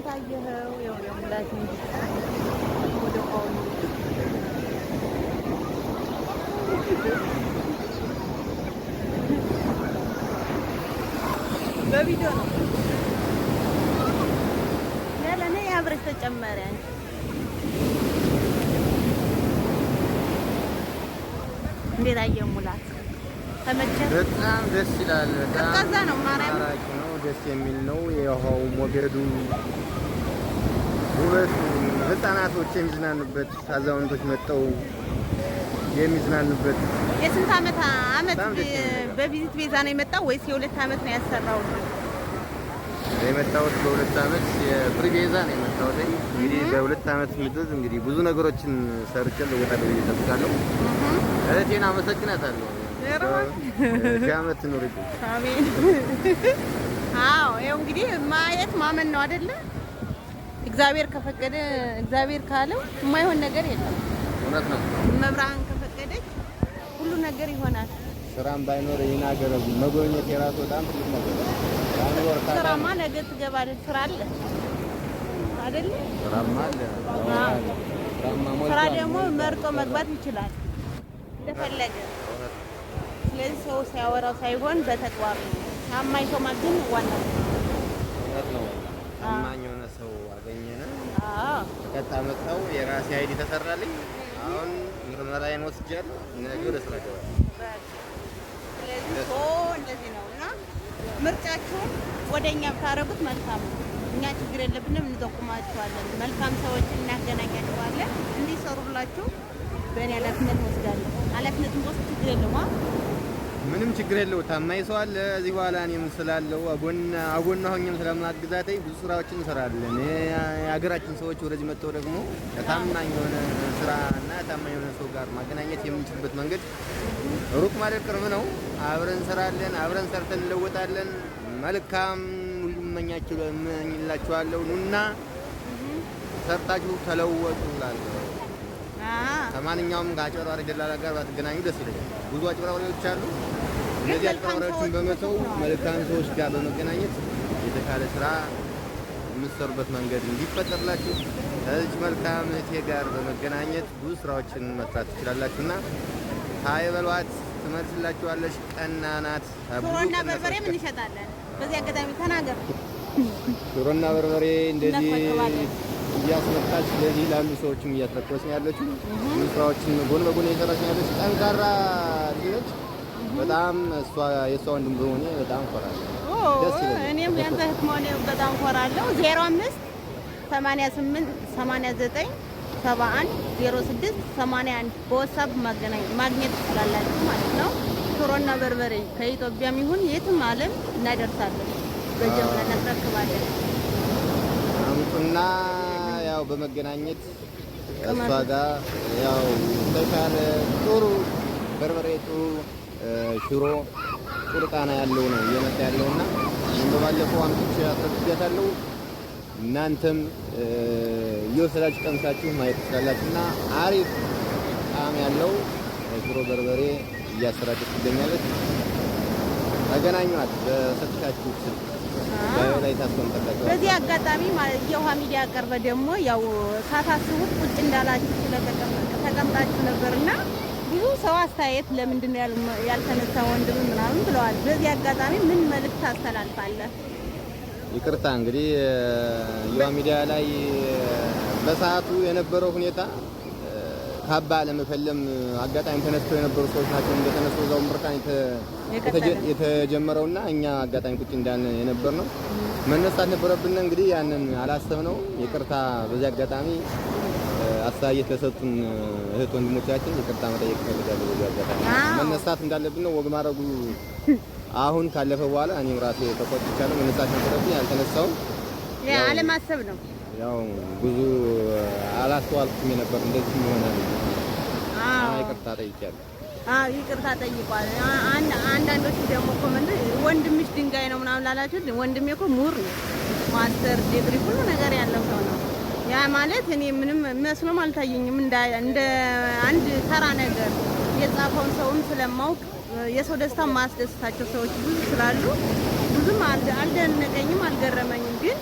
እንዴት አየኸው? በቪዲዮ ነው ተጨመረ እንዴት ሙላት በጣም ደስ ይላል። ቀዝቃዛ ነው፣ ማራኪ ነው፣ ደስ የሚል ነው። የውሃው ሞገዱ ውበቱ፣ ህፃናቶች የሚዝናኑበት፣ አዛውንቶች መጥተው የሚዝናኑበት የስንት አመት ዓመት በቪዚት ቤዛ ነው የመጣው ወይስ የሁለት አመት ነው ያሰራው? የመጣሁት በሁለት ዓመት የፍሪ ቤዛ ነው የመጣሁት። እንግዲህ በሁለት ዓመት ምድር እንግዲህ ብዙ ነገሮችን ሰርቼ ልወጣ ብዬ እጠብቃለሁ። እህቴን አመሰግናታለሁ። ከአመት ኑሪ። አሜን። አዎ ይኸው እንግዲህ ማየት ማመን ነው አይደለ? እግዚአብሔር ከፈቀደ እግዚአብሔር ካለው የማይሆን ነገር የለም። እውነት ነው። መብራህን ከፈቀደች ሁሉ ነገር ይሆናል። ስራም ባይኖር ይህን ሀገር መጎብኘት የራሱ በጣም ትልቅ ነገር ነው። ስራማ ነገ ትገባለህ። ስራ አለ አይደለ? ስራማ አለ። ስራ ደግሞ መርጦ መግባት ይችላል እንደፈለገ ግን ሰው ሲያወራው ሳይሆን በተግባር ታማኝ ሰው ማግኘት ዋና ነው። ታማኝ የሆነ ሰው አገኘነ። ቀጣ መጣው የራሴ አይዲ ተሰራልኝ። አሁን ምርመራዬን ወስጃለሁ። ነገ ወደ ስራ እገባለሁ። እንደዚህ ነው እና ምርጫችሁን ወደ እኛ ብታረጉት መልካም ነው። እኛ ችግር የለብንም፣ እንጠቁማችኋለን። መልካም ሰዎች እናገናኛችኋለን እንዲሰሩላችሁ በእኔ ኃላፊነት ወስዳለሁ። ኃላፊነትን ወስድ ችግር የለውም። ምንም ችግር የለው። ታማኝ ሰው አለ እዚህ በኋላ እኔም ስላለው አጎና አጎና ሆኜም ስለማግዛተኝ ብዙ ስራዎችን እንሰራለን። የሀገራችን ሰዎች ወደዚህ መጥተው ደግሞ ታማኝ የሆነ ስራ እና ታማኝ የሆነ ሰው ጋር ማገናኘት የምንችልበት መንገድ ሩቅ ማለት ቅርብ ነው። አብረን እንሰራለን፣ አብረን ሰርተን እንለወጣለን። መልካም ሁሉ እመኛችኋለሁ። ኑና ሰርታችሁ ተለወጡ እላለሁ። ከማንኛውም አጭበርባሪ ደላላ ጋር ባትገናኙ ደስ ይለኛል። ብዙ አጭበርባሪዎች አሉ። እነዚህ አጭበርባሪዎችን በመተው መልካም ሰዎች ጋር በመገናኘት የተሻለ ስራ የምትሰሩበት መንገድ እንዲፈጠርላችሁ ከዚች መልካም እህቴ ጋር በመገናኘት ብዙ ስራዎችን መስራት ትችላላችሁ እና በሏት። ትመልስላችኋለች። ቀናናት ሽሮና በርበሬ ምን ይሸጣለን? በዚህ አጋጣሚ ተናገር። ሽሮና በርበሬ እንደዚህ እያስመጣች ለዚህ ላሉ ሰዎችም እያጠቆች ነው ያለችው። ስራዎችን ጎን በጎን እየሰራች ነው ያለች። ጠንካራ ልጅ በጣም እሷ የእሷ ወንድም በሆነ በጣም ኮራለሁ። እኔም ያንተ እህት መሆኔ በጣም ኮራለሁ። ሰባ አንድ ዜሮ ስድስት 06 አንድ በወሳብ ማግኘት ትችላላችሁ ማለት ነው። ሽሮና በርበሬ ከኢትዮጵያም ይሁን የትም ዓለም እናደርሳለን፣ በጀምረ እናስረክባለን። አምጡና ያው በመገናኘት እሷ ጋር ያው ተሻለ ጥሩ በርበሬ ጥሩ ሽሮ ጥሩ ጣና ያለው ነው እየመጣ ያለው እና እንደባለፈው አምጥቼ አስረድቻታለሁ። እናንተም እየወሰዳችሁ ቀምሳችሁ ማየት ትችላላችሁ እና አሪፍ ጣዕም ያለው ሽሮ በርበሬ እያሰራጨች ትገኛለች። ተገናኟት በሰጥቻችሁ ስልክ ላይ በዚህ አጋጣሚ የውሃ ሚዲያ ቀርበ ደግሞ ያው ሳታስቡት ቁጭ እንዳላችሁ ተቀምጣችሁ ነበርና ብዙ ሰው አስተያየት ለምንድን ነው ያልተነሳ ወንድም ምናምን ብለዋል። በዚህ አጋጣሚ ምን መልእክት አስተላልፋለህ? ይቅርታ እንግዲህ የውሃ ሚዲያ ላይ በሰዓቱ የነበረው ሁኔታ ካባ ለመፈለም አጋጣሚ ተነስተው የነበሩ ሰዎች ናቸው። እንደተነሱ እዛው ምርቃን የተጀመረውና እኛ አጋጣሚ ቁጭ እንዳን የነበር ነው መነሳት ነበረብን። እንግዲህ ያንን ነው። ይቅርታ በዚህ አጋጣሚ አስተያየት ለሰጡን እህት ወንድሞቻችን ይቅርታ መጠየቅ እፈልጋለሁ። በዚህ አጋጣሚ መነሳት እንዳለብን ነው ወግ ማድረጉ አሁን ካለፈ በኋላ እኔም ራሴ ተቆጥቻለሁ። መነሳት ነበረብኝ፣ አልተነሳውም። አለማሰብ ነው ያው ብዙ አላስተዋልኩም የነበር እንደዚህ የሆነ ይቅርታ ጠይቄያለሁ። ይቅርታ ጠይቋል። አንዳንዶቹ ደግሞ ኮመንት ወንድምሽ ድንጋይ ነው ምናምን ላላችሁ፣ ወንድሜ እኮ ምሁር ነው፣ ማስተር ዲግሪ፣ ሁሉ ነገር ያለው ሰው ነው። ያ ማለት እኔ ምንም መስሎም አልታየኝም እንደ አንድ ተራ ነገር የጻፈውን ሰውም ስለማውቅ የሰው ደስታ ማስደስታቸው ሰዎች ብዙ ስላሉ ብዙም አልደነቀኝም፣ አልገረመኝም ግን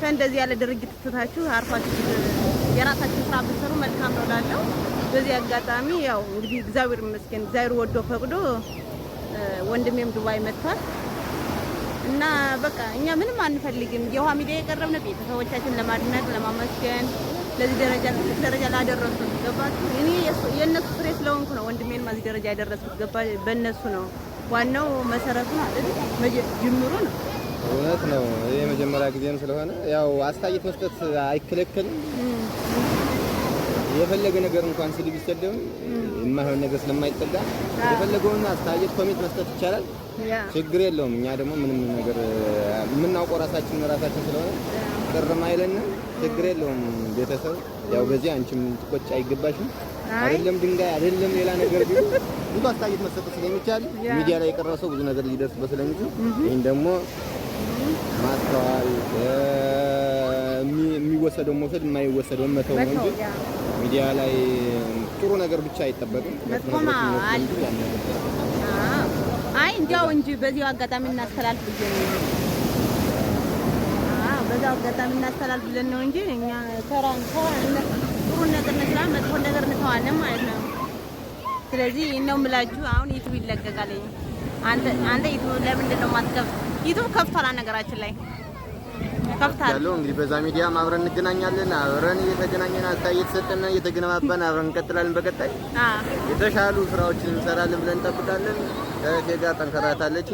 ከእንደዚህ ያለ ድርጊት ትታችሁ አርፋችሁ የራሳችሁ ስራ ብትሰሩ መልካም ነው እላለሁ። በዚህ አጋጣሚ ያው እንግዲህ እግዚአብሔር ይመስገን እግዚአብሔር ወዶ ፈቅዶ ወንድሜም ዱባይ መጥቷል እና በቃ እኛ ምንም አንፈልግም። የውሃ ሚዲያ የቀረብነው ቤተሰቦቻችን ለማድነቅ ለማመስገን፣ ለዚህ ደረጃ ትልቅ ደረጃ ላደረሱት ገባችሁ። እኔ የእነሱ ፍሬ ስለሆንኩ ነው ወንድሜን እዚህ ደረጃ ያደረሱት ገባ። በእነሱ ነው ዋናው መሰረቱ ነው ጅምሩ ነው እውነት ነው። ይህ የመጀመሪያ ጊዜም ስለሆነ ያው አስተያየት መስጠት አይከለከልም። የፈለገ ነገር እንኳን ስል ቢሰደብም የማይሆን ነገር ስለማይጠጋ የፈለገውን አስተያየት ኮሜንት መስጠት ይቻላል። ችግር የለውም። እኛ ደግሞ ምንም ነገር የምናውቀው ራሳችን ራሳችን ስለሆነ ቅርም አይለንም። ችግር የለውም። ቤተሰብ ያው በዚህ አንቺም ልትቆጭ አይገባሽም። አይደለም ድንጋይ አይደለም ሌላ ነገር ቢሉ ብዙ አስተያየት መሰጠት ስለሚቻል ሚዲያ ላይ የቀረሰው ብዙ ነገር ሊደርስበት ስለሚችል ይህን ደግሞ ማስተዋል የሚወሰደውን መውሰድ የማይወሰደውን መተው ነው እንጂ ሚዲያ ላይ ጥሩ ነገር ብቻ አይጠበቅም። አይ እንዲያው እንጂ በዚሁ አጋጣሚ እናስተላልፍ ብለን ነው። አዎ አጋጣሚ እናስተላልፍ ብለን ነው እንጂ እኛ ተራን ተራን ጥሩ ነገር እንስራ፣ መጥፎ ነገር እንተዋለን ማለት ነው። ስለዚህ ነው የምላችሁ። አሁን ዩቲዩብ ይለቀቃል አንተ አንተ ዩቱብ ለምንድን ነው የማትከፍት? ዩቱብ ከፍቷል። ነገራችን ላይ ከፍቷል ያለው እንግዲህ በዛ ሚዲያ አብረን እንገናኛለን። አብረን እየተገናኘን አስተያየት እየተሰጠን እየተገነባባን አብረን እንቀጥላለን። በቀጣይ የተሻሉ ስራዎችን እንሰራለን ብለን እንጠብቃለን። ከእህቴ ጋር ጠንከራታለች።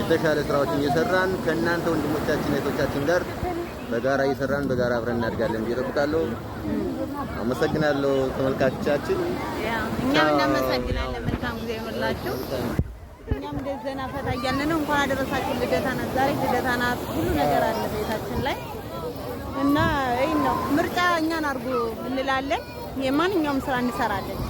የተሻለ ስራዎችን እየሰራን ከእናንተ ወንድሞቻችን እህቶቻችን ጋር በጋራ እየሰራን በጋራ አብረን እናድጋለን ብዬ እጠብቃለሁ። አመሰግናለሁ ተመልካቾቻችን። እኛም እናመሰግናለን። መልካም ጊዜ ይሁንላችሁ። እኛም እንደ ዘና ፈታ እያልን ነው። እንኳን አደረሳችሁ። ልደታ ናት፣ ዛሬ ልደታ ናት። ሁሉ ነገር አለ ቤታችን ላይ እና ይህ ነው ምርጫ እኛን አድርጉ እንላለን። የማንኛውም ስራ እንሰራለን።